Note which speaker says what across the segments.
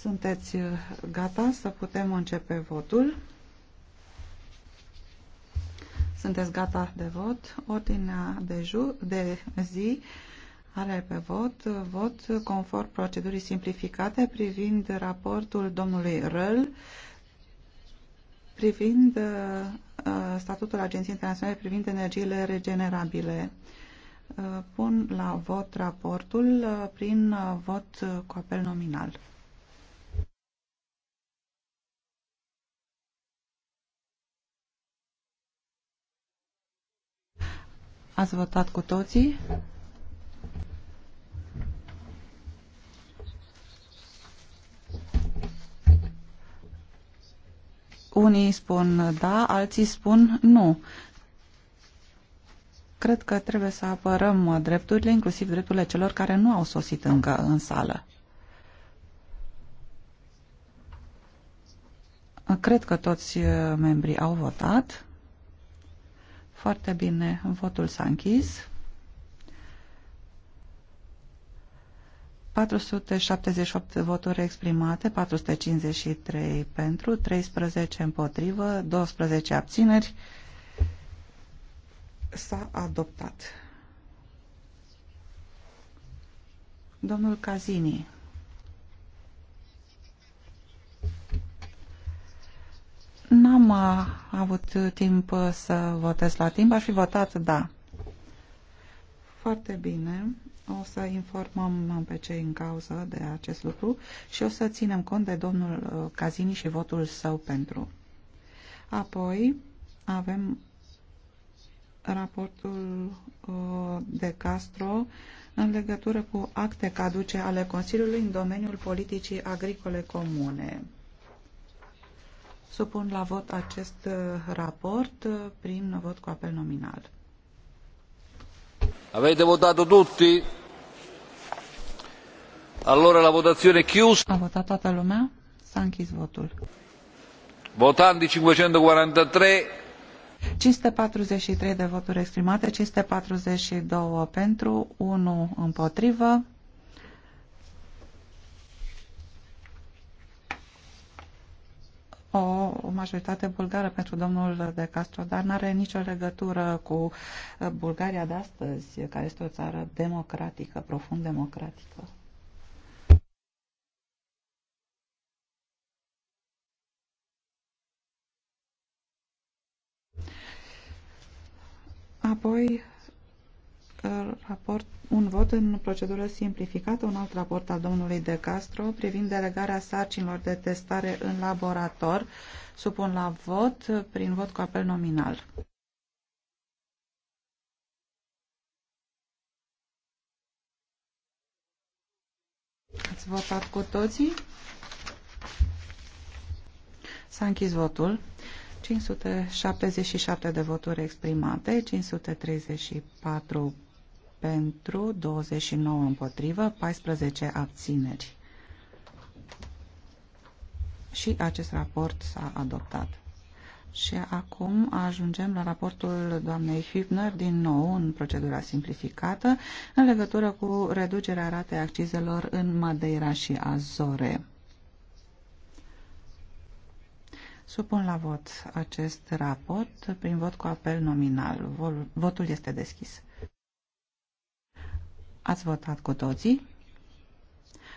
Speaker 1: Sunteți uh, gata să putem începe votul? Sunteți gata de vot? Ordinea de, ju de zi are pe vot uh, vot conform procedurii simplificate privind raportul domnului Răl privind uh, uh, statutul Agenției Internaționale privind energiile regenerabile. Uh, pun la vot raportul uh, prin vot cu apel nominal. Ați votat cu toții? Unii spun da, alții spun nu. Cred că trebuie să apărăm drepturile, inclusiv drepturile celor care nu au sosit încă în sală. Cred că toți membrii au votat. Foarte bine, votul s-a închis. 478 voturi exprimate, 453 pentru, 13 împotrivă, 12 abțineri. S-a adoptat. Domnul Cazini. N-am uh, avut timp uh, să votez la timp, aș fi votat da. Foarte bine. O să informăm pe cei în cauză de acest lucru și o să ținem cont de domnul uh, Cazini și votul său pentru. Apoi avem raportul de Castro în legătură cu acte caduce ale Consiliului în domeniul politicii agricole comune. Supun la vot acest uh, raport uh, prin vot cu apel nominal.
Speaker 2: Avete votato tutti? Allora la votazione
Speaker 1: è chiusa. A votat toată lumea? S-a închis votul.
Speaker 2: Votanti 543.
Speaker 1: 543 de voturi exprimate, 542 pentru, 1 împotrivă. o majoritate bulgară pentru domnul De Castro, dar nu are nicio legătură cu uh, Bulgaria de astăzi, care este o țară democratică, profund democratică. Apoi, raport, un vot în procedură simplificată, un alt raport al domnului De Castro privind delegarea sarcinilor de testare în laborator. Supun la vot prin vot cu apel nominal. Ați votat cu toții? S-a închis votul. 577 de voturi exprimate, 534 pentru, 29 împotrivă, 14 abțineri. Și acest raport s-a adoptat. Și acum ajungem la raportul doamnei Hübner, din nou în procedura simplificată, în legătură cu reducerea ratei accizelor în Madeira și Azore. Supun la vot acest raport prin vot cu apel nominal. Votul este deschis. Ați votat cu toții.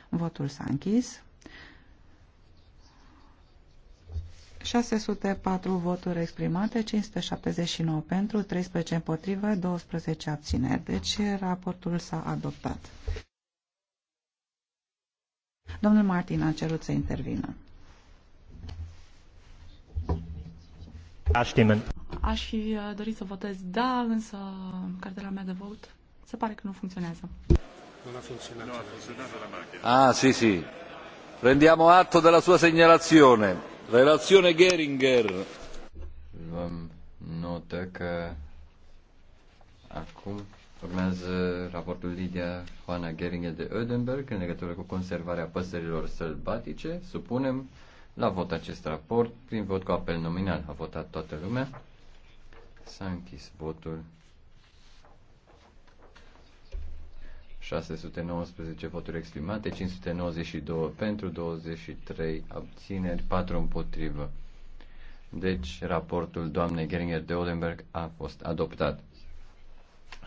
Speaker 1: Votul s-a închis. 604 voturi exprimate, 579 pentru, 13 împotrivă, 12 abțineri. Deci raportul s-a adoptat. Domnul Martin a cerut să intervină. Aș fi uh, dorit să votez da, însă cartela mea de vot se pare că nu funcționează.
Speaker 2: Nu a funcționat. nu a funcționat la macchina. Ah, sì, sì. Prendiamo atto della sua segnalazione. Relazione Geringer.
Speaker 3: Luăm notă că acum urmează raportul Lidia Hoana Geringer de Ödenberg în legătură cu conservarea păsărilor sălbatice. Supunem la vot acest raport prin vot cu apel nominal. A votat toată lumea. S-a închis votul. 619 voturi exprimate, 592 pentru, 23 abțineri, 4 împotrivă. Deci, raportul doamnei Geringer de Oldenburg a fost adoptat.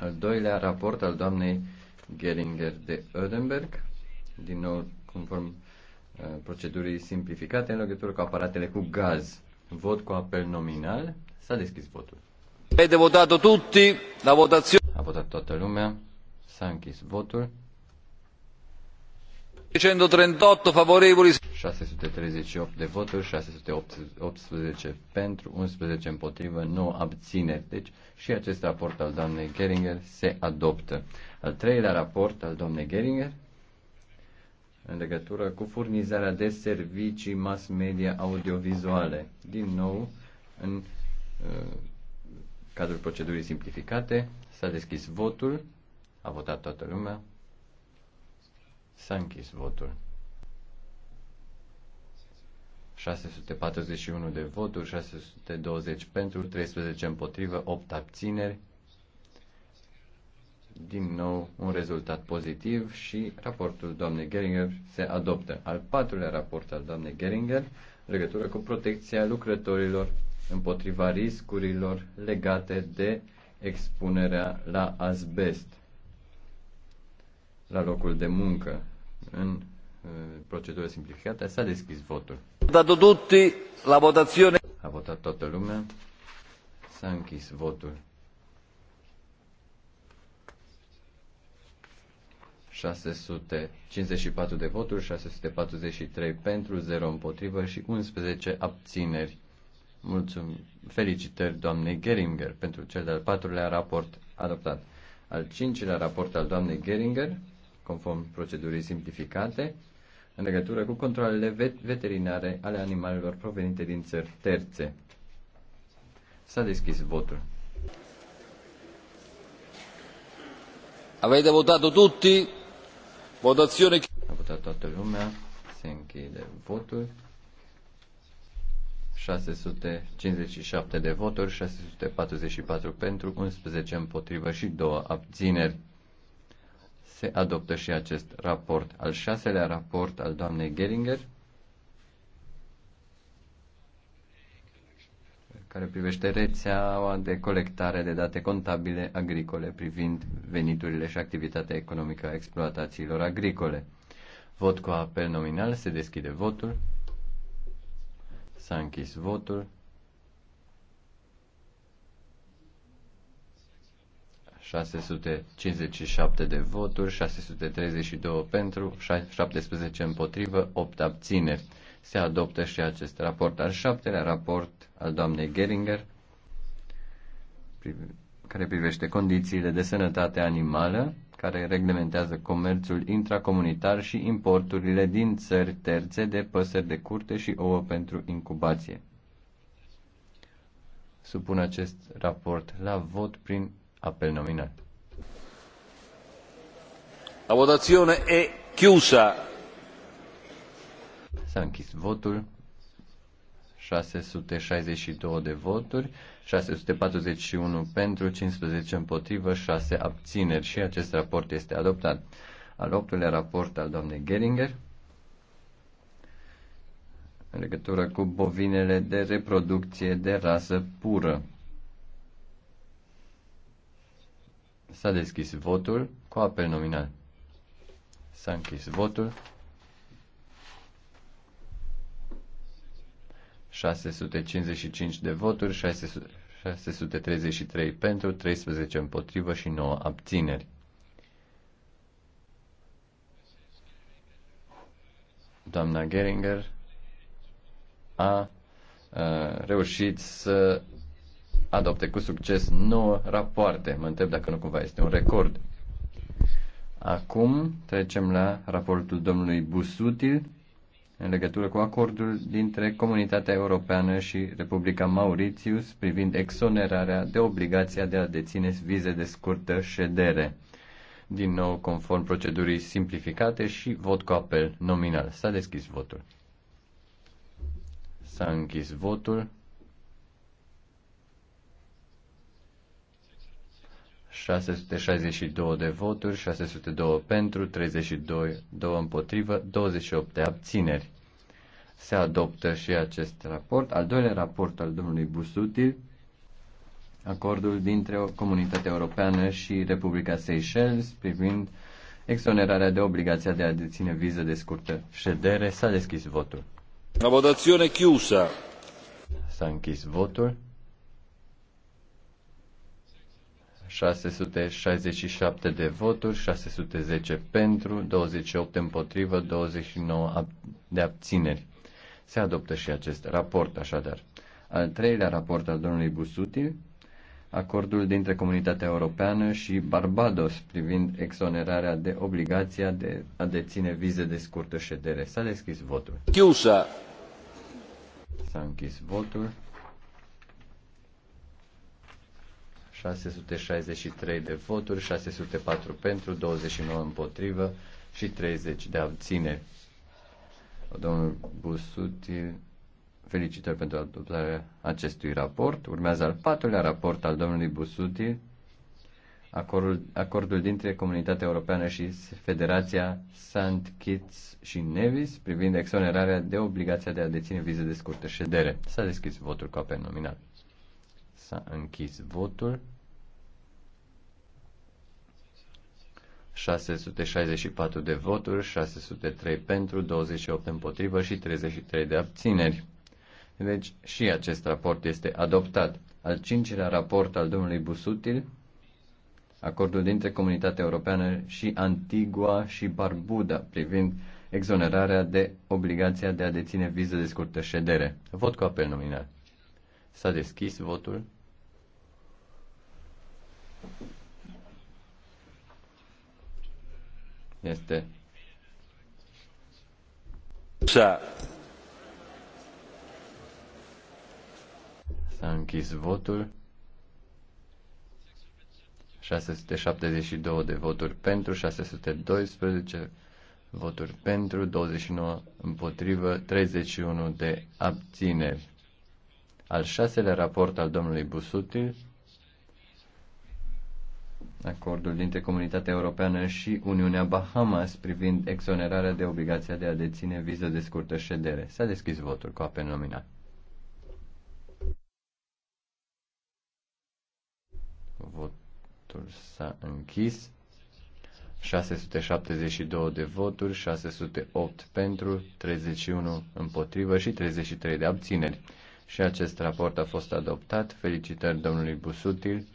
Speaker 3: Al doilea raport al doamnei Geringer de Oldenburg, din nou conform uh, procedurii simplificate în legătură cu aparatele cu gaz. Vot cu apel nominal. S-a deschis votul. Avete votat tutti, la votazione. A votat toată lumea. S-a închis votul. 638 favorevoli. 638 de voturi, 618 pentru, 11 împotrivă, 9 abțineri. Deci și acest raport al doamnei Geringer se adoptă. Al treilea raport al doamnei Geringer în legătură cu furnizarea de servicii mass media audiovizuale. Din nou, în uh, cadrul procedurii simplificate, s-a deschis votul. A votat toată lumea. S-a închis votul. 641 de voturi, 620 pentru, 13 împotrivă, 8 abțineri. Din nou un rezultat pozitiv și raportul doamnei Geringer se adoptă. Al patrulea raport al doamnei Geringer, legătură cu protecția lucrătorilor împotriva riscurilor legate de expunerea la asbest la locul de muncă. În uh, procedură simplificată s-a deschis votul. tutti la votazione. A votat toată lumea. S-a închis votul. 654 de voturi, 643 pentru, 0 împotrivă și 11 abțineri. Mulțumim. Felicitări doamnei Geringer pentru cel de-al patrulea raport adoptat. Al cincilea raport al doamnei Geringer conform procedurii simplificate, în legătură cu controlele veterinare ale animalelor provenite din țări terțe. S-a deschis votul. Avete votato tutti? Votazione A votat toată lumea. Se închide votul. 657 de voturi, 644 pentru, 11 împotrivă și 2 abțineri se adoptă și acest raport. Al șaselea raport al doamnei Geringer, care privește rețeaua de colectare de date contabile agricole privind veniturile și activitatea economică a exploatațiilor agricole. Vot cu apel nominal, se deschide votul. S-a închis votul. 657 de voturi, 632 pentru, 17 împotrivă, 8 abține. Se adoptă și acest raport. Al șaptelea raport al doamnei Geringer, care privește condițiile de sănătate animală, care reglementează comerțul intracomunitar și importurile din țări terțe de păsări de curte și ouă pentru incubație. Supun acest raport la vot prin Apel nominal. La
Speaker 2: votazione è
Speaker 3: chiusa. S-a închis votul. 662 de voturi, 641 pentru, 15 împotrivă, 6 abțineri și acest raport este adoptat. Al optulea raport al doamnei Geringer în legătură cu bovinele de reproducție de rasă pură. S-a deschis votul cu apel nominal. S-a închis votul. 655 de voturi, 633 pentru, 13 împotrivă și 9 abțineri. Doamna Geringer a, a reușit să adopte cu succes 9 rapoarte. Mă întreb dacă nu cumva este un record. Acum trecem la raportul domnului Busutil în legătură cu acordul dintre Comunitatea Europeană și Republica Mauritius privind exonerarea de obligația de a deține vize de scurtă ședere. Din nou, conform procedurii simplificate și vot cu apel nominal. S-a deschis votul. S-a închis votul. 662 de voturi, 602 pentru, 32 2 împotrivă, 28 de abțineri. Se adoptă și acest raport. Al doilea raport al domnului Busutil, acordul dintre Comunitatea Europeană și Republica Seychelles privind exonerarea de obligația de a deține viză de scurtă ședere. S-a deschis votul. La votație chiusă. S-a închis votul. 667 de voturi, 610 pentru, 28 împotrivă, 29 de abțineri. Se adoptă și acest raport, așadar. Al treilea raport al domnului Busuti, acordul dintre Comunitatea Europeană și Barbados privind exonerarea de obligația de a deține vize de scurtă ședere. S-a deschis votul. Chiusa. S-a închis votul. 663 de voturi, 604 pentru, 29 împotrivă și 30 de abțineri. Domnul Busuti, felicitări pentru adoptarea acestui raport. Urmează al patrulea raport al domnului Busuti, acordul, acordul dintre Comunitatea Europeană și Federația St. Kitts și Nevis privind exonerarea de obligația de a deține vize de scurtă ședere. S-a deschis votul cu apel nominal. S-a închis votul. 664 de voturi, 603 pentru, 28 împotrivă și 33 de abțineri. Deci și acest raport este adoptat. Al cincilea raport al domnului Busutil, acordul dintre Comunitatea Europeană și Antigua și Barbuda privind exonerarea de obligația de a deține viză de scurtă ședere. Vot cu apel nominal. S-a deschis votul. este S-a închis votul. 672 de voturi pentru, 612 voturi pentru, 29 împotrivă, 31 de abțineri. Al șaselea raport al domnului Busutil acordul dintre Comunitatea Europeană și Uniunea Bahamas privind exonerarea de obligația de a deține viză de scurtă ședere. S-a deschis votul cu apel nominal. Votul s-a închis. 672 de voturi, 608 pentru, 31 împotrivă și 33 de abțineri. Și acest raport a fost adoptat. Felicitări domnului Busutil,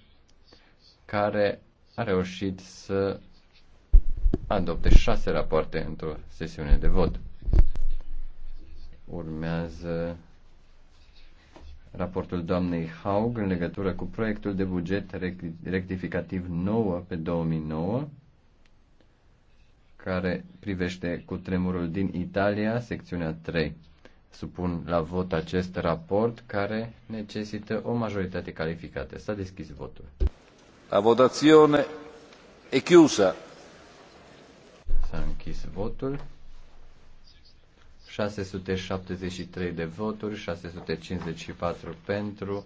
Speaker 3: care a reușit să adopte șase rapoarte într-o sesiune de vot. Urmează raportul doamnei Haug în legătură cu proiectul de buget rectificativ 9 pe 2009 care privește cu tremurul din Italia, secțiunea 3. Supun la vot acest raport care necesită o majoritate calificată. S-a deschis votul. La votazione è chiusa. s votul. 673 de voturi, 654 pentru,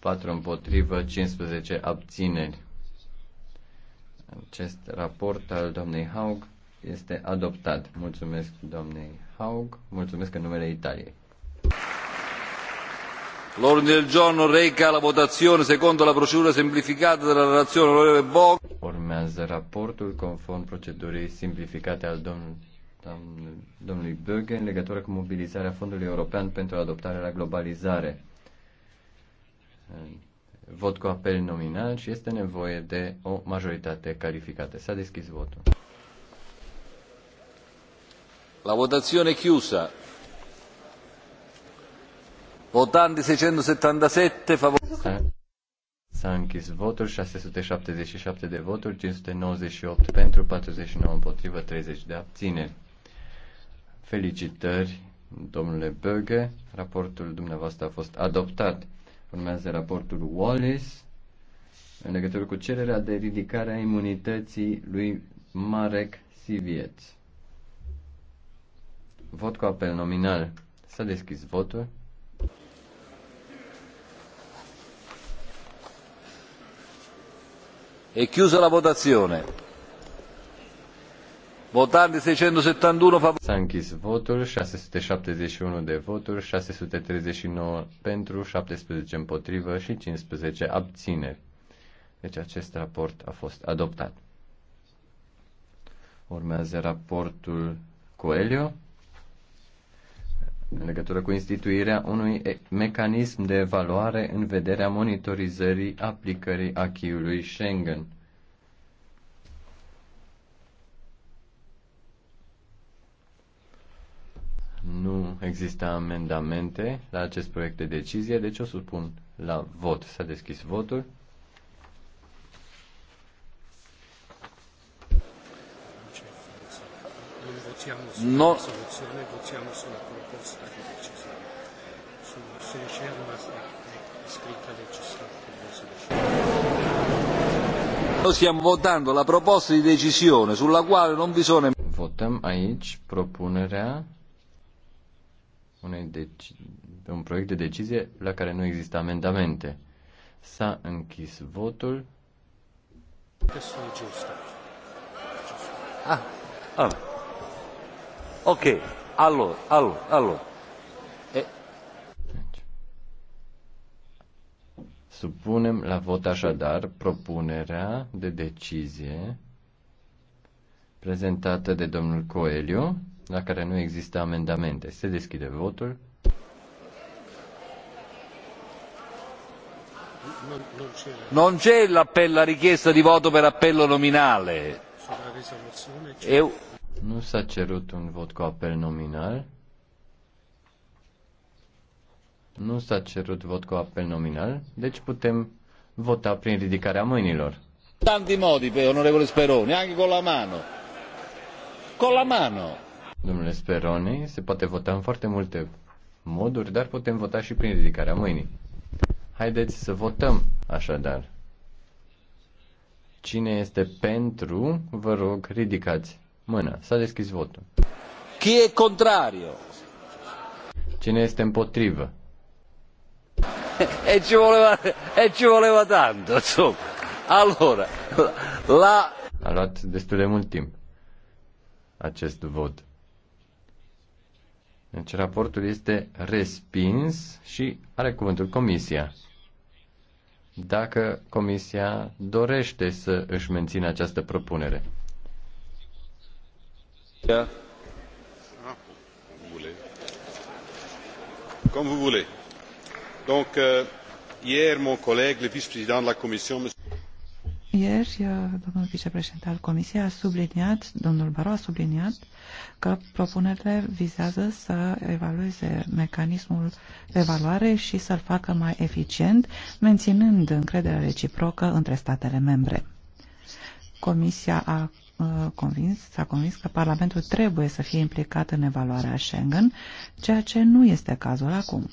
Speaker 3: 4 împotrivă, 15 abțineri. Acest raport al doamnei Haug este adoptat. Mulțumesc doamnei Haug, mulțumesc în numele Italiei. L'ordine del giorno
Speaker 2: reca la votazione secondo la procedura semplificata della relazione onorevole Bog.
Speaker 3: Urmează raportul conform procedurii simplificate al domnului Böge în legătură cu mobilizarea Fondului European pentru adoptarea la globalizare. Vot cu apel nominal și este nevoie de o majoritate calificată. S-a deschis votul. La votazione
Speaker 2: chiusa. Votanti 677
Speaker 3: favorevoli. S-a închis votul, 677 de voturi, 598 pentru, 49 împotrivă, 30 de abțineri. Felicitări, domnule Böge, raportul dumneavoastră a fost adoptat. Urmează raportul Wallace, în legătură cu cererea de ridicare a imunității lui Marek Siviet. Vot cu apel nominal. S-a deschis votul. È chiusa la votazione. Votanti 671 favorevoli. S-a închis votul, 671 de voturi, 639 pentru, 17 împotrivă și 15 abțineri. Deci acest raport a fost adoptat. Urmează raportul Coelho în legătură cu instituirea unui mecanism de evaluare în vederea monitorizării aplicării acquis Schengen. Nu există amendamente la acest proiect de decizie, deci o supun la vot. S-a deschis votul.
Speaker 2: votiamo sulla no. risoluzione, votiamo sulla proposta di Sulla, scritta Noi stiamo votando la proposta
Speaker 3: di decisione sulla quale non vi sono... Votăm aici propunerea unei deci... un proiect de decizie la care nu există amendamente. S-a închis votul.
Speaker 2: Ah, Ah, Ok, allora, allora, allora.
Speaker 3: Supunem la vot așadar propunerea de decizie prezentată de domnul Coelho, la care nu există amendamente. Se deschide votul.
Speaker 2: Non c'è l'appello, la richiesta di voto per appello nominale. È,
Speaker 3: nu s-a cerut un vot cu apel nominal. Nu s-a cerut vot cu apel nominal, deci putem vota prin ridicarea mâinilor.
Speaker 2: Tanti modi, pe onorevole Speroni, anche con la mano.
Speaker 3: Con la mano. Domnule Speroni, se poate vota în foarte multe moduri, dar putem vota și prin ridicarea mâinii. Haideți să votăm, așadar. Cine este pentru, vă rog, ridicați mână. S-a deschis votul. Chi e contrario? Cine este împotrivă?
Speaker 2: e ci voleva, e ci voleva tanto, insomma. Allora,
Speaker 3: la... A luat destul de mult timp acest vot. Deci raportul este respins și are cuvântul comisia. Dacă comisia dorește să își mențină această propunere.
Speaker 2: Da. Comme vous voulez. Donc, euh, mon collègue, le vice-président de la Commission,
Speaker 1: ieri, uh, domnul vicepreședinte al Comisiei a subliniat, domnul barrot a subliniat că propunerile vizează să evalueze mecanismul de evaluare și să-l facă mai eficient, menținând încrederea reciprocă între statele membre. Comisia a Uh, convins, s-a convins că Parlamentul trebuie să fie implicat în evaluarea Schengen, ceea ce nu este cazul acum.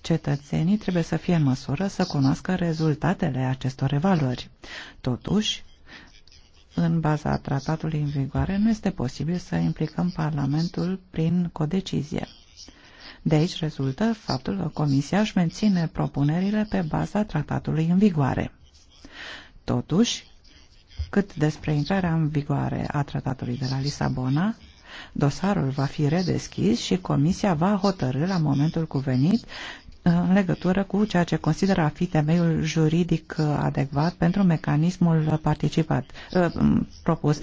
Speaker 1: Cetățenii trebuie să fie în măsură să cunoască rezultatele acestor evaluări. Totuși, în baza tratatului în vigoare, nu este posibil să implicăm Parlamentul prin codecizie. De aici rezultă faptul că Comisia își menține propunerile pe baza tratatului în vigoare. Totuși, cât despre intrarea în vigoare a tratatului de la Lisabona, dosarul va fi redeschis și Comisia va hotărâ la momentul cuvenit uh, în legătură cu ceea ce consideră a fi temeiul juridic uh, adecvat pentru mecanismul participat, uh, propus,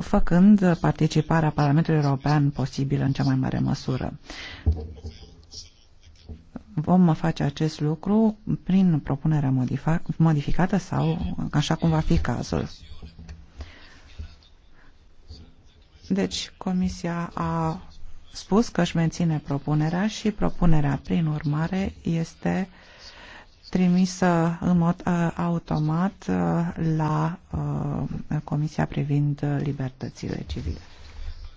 Speaker 1: făcând participarea Parlamentului European posibil în cea mai mare măsură. Vom face acest lucru prin propunerea modificată sau așa cum va fi cazul. Deci, Comisia a spus că își menține propunerea și propunerea, prin urmare, este trimisă în mod uh, automat uh, la uh, Comisia privind libertățile civile.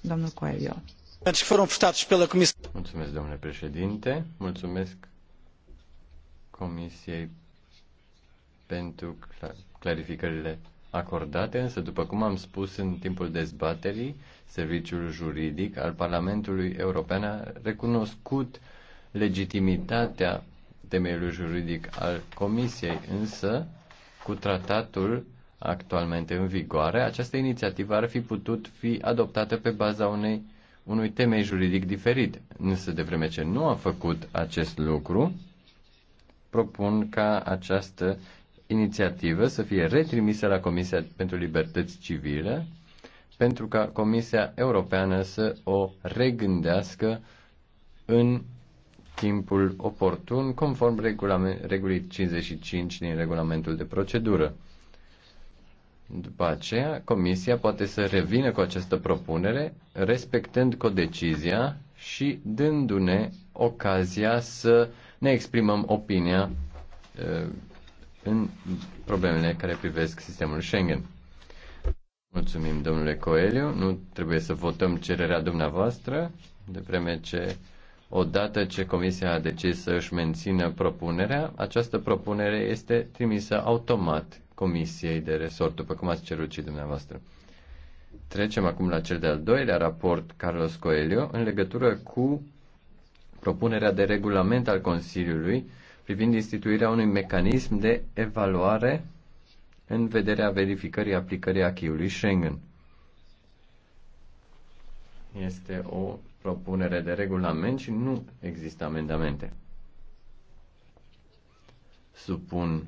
Speaker 1: Domnul Coelho. Deci,
Speaker 3: Mulțumesc, domnule președinte. Mulțumesc Comisiei pentru clarificările acordate, însă, după cum am spus în timpul dezbaterii, Serviciul Juridic al Parlamentului European a recunoscut legitimitatea temeiului juridic al Comisiei, însă, cu tratatul actualmente în vigoare, această inițiativă ar fi putut fi adoptată pe baza unei, unui temei juridic diferit. Însă, de vreme ce nu a făcut acest lucru, propun ca această inițiativă să fie retrimisă la Comisia pentru Libertăți Civile pentru ca Comisia Europeană să o regândească în timpul oportun, conform regulii 55 din regulamentul de procedură. După aceea, Comisia poate să revină cu această propunere, respectând codecizia și dându-ne ocazia să ne exprimăm opinia uh, în problemele care privesc sistemul Schengen. Mulțumim, domnule Coelho. Nu trebuie să votăm cererea dumneavoastră, de vreme ce, odată ce Comisia a decis să își mențină propunerea, această propunere este trimisă automat Comisiei de Resort, după cum ați cerut și dumneavoastră. Trecem acum la cel de-al doilea raport, Carlos Coelho, în legătură cu propunerea de regulament al Consiliului privind instituirea unui mecanism de evaluare în vederea verificării aplicării acquis-ului Schengen. Este o propunere de regulament și nu există amendamente. Supun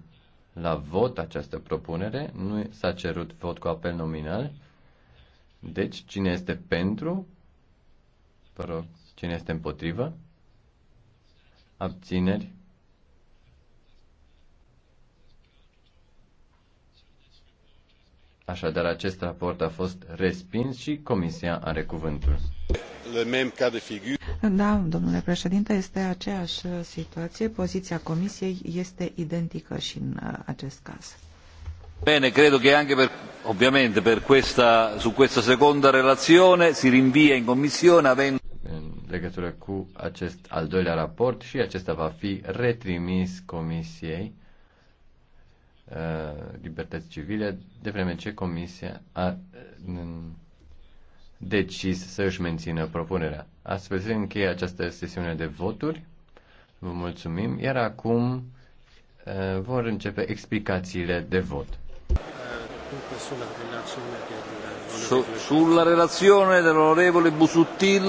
Speaker 3: la vot această propunere. Nu s-a cerut vot cu apel nominal. Deci, cine este pentru? Vă rog, cine este împotrivă? Abțineri. Așadar, acest raport a fost respins și Comisia are cuvântul.
Speaker 1: Da, domnule președinte, este aceeași situație. Poziția Comisiei este identică și în uh, acest caz.
Speaker 2: Bene, credo che anche per, ovviamente per questa, su questa seconda relazione si rinvia in Commissione avendo
Speaker 3: legătură cu acest al doilea raport și acesta va fi retrimis Comisiei uh, Libertăți Civile, de vreme ce Comisia a uh, decis să își mențină propunerea. Astfel se încheie această sesiune de voturi. Vă mulțumim, iar acum uh, vor începe explicațiile de vot.
Speaker 2: Sulla relazione dell'onorevole Busuttil